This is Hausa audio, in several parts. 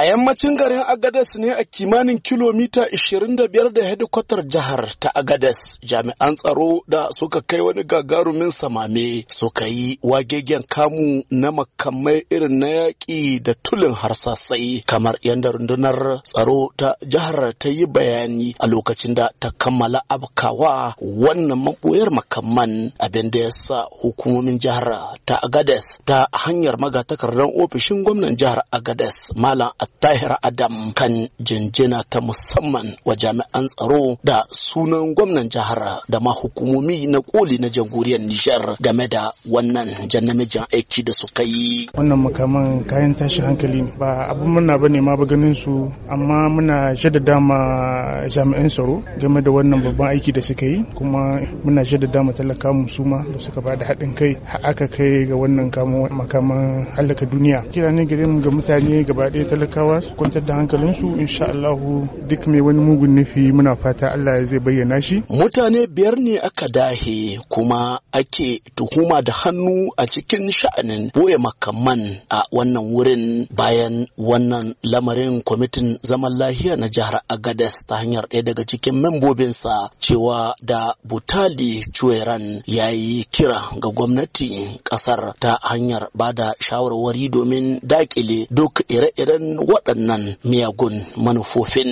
A yammacin garin Agadas ne a kimanin kilomita 25 da hedikwatar jihar ta Agadas, jami'an tsaro da suka kai wani gagarumin samame suka yi wagegen kamu na makamai irin na yaƙi da tulin harsasai kamar yadda rundunar tsaro ta jihar ta yi bayani a lokacin da ta kammala abkawa wannan maɓoyar makaman abin da ya sa hukumomin jihar ta Agadas ta hanyar magatakardar ofishin gwamnan jihar Agadas Malam Tahir Adam kan jinjina ta musamman wa jami'an tsaro da sunan gwamnan jihar da ma hukumomi na koli na jamhuriyar Nijar game da wannan jan aiki da suka yi. Wannan makaman kayan tashi hankali ne ba abin murna ba ne ma ba ganin su amma muna shaida dama jami'an tsaro game da wannan babban aiki da suka yi kuma muna shaida dama talaka musu ma da suka bada haɗin kai aka kai ga wannan makaman halaka duniya. Kira ne gare mu ga mutane gaba ɗaya talakawa talakawa su kwantar da hankalinsu insha Allah duk mai wani mugun nufi muna fata Allah ya zai bayyana shi. Mutane biyar ne aka dahe kuma ake tuhuma da hannu a cikin sha'anin boye makaman a wannan wurin bayan wannan lamarin kwamitin zaman lahiya na jihar Agadez ta hanyar ɗaya daga cikin membobinsa cewa da Butali Cueran ya yi kira ga gwamnati ƙasar ta hanyar ba da shawarwari domin dakile duk ire-iren waɗannan miyagun manufofin.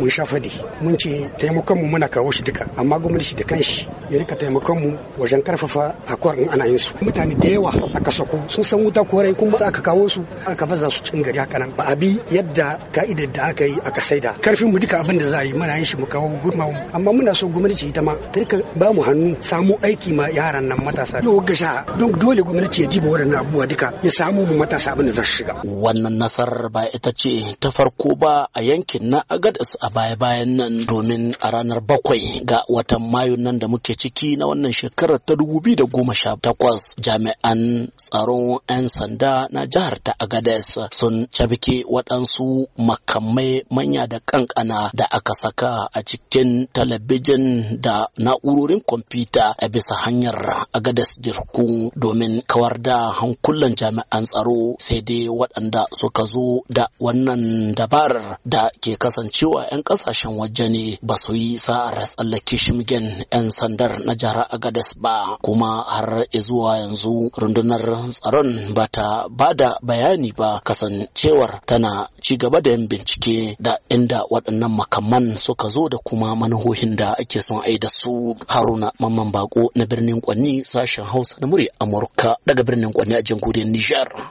Mun sha faɗi, mun ce taimakon mu muna kawo shi duka, amma gwamnati da kanshi ya rika taimakon mu wajen karfafa akwar din ana yin su mutane da yawa aka sako sun san wuta korai kuma aka kawo su aka baza su cin gari haka nan ba a bi yadda ka'idar da aka yi aka saida karfin mu duka abin da za a yi muna yin shi mu kawo gurmawa amma muna so gwamnati ita ma ta rika ba mu hannu samu aiki ma yaran nan matasa yau gasha don dole gwamnati ya jiba waɗannan abubuwa duka ya samu mu matasa abin da za su shiga wannan nasarar ba ita ce ta farko ba a yankin na agadis a baya-bayan nan domin a ranar bakwai ga watan mayu nan da muke ke ciki na wannan shekarar ta takwas, jami'an tsaron 'yan sanda na jihar ta Agades sun cabike waɗansu makamai manya da kankana da aka saka a cikin talabijin da na'urorin kwamfuta a bisa hanyar Agades Dirku domin kawar da hankulan jami'an tsaro sai dai waɗanda suka zo da wannan dabarar da ke kasancewa 'yan ƙasashen waje ne ba su yi sa'ar tsallake shimgen 'yan sanda ta'addar na jihar Agadez ba kuma har zuwa yanzu rundunar tsaron ba ta ba da bayani ba kasancewar tana ci gaba da yin bincike da inda waɗannan makaman suka zo da kuma manuhohin da ake son ai da su Haruna Mamman Bako na birnin Kwanni sashen Hausa na murya Amurka daga birnin Kwanni a jamhuriyar Nijar.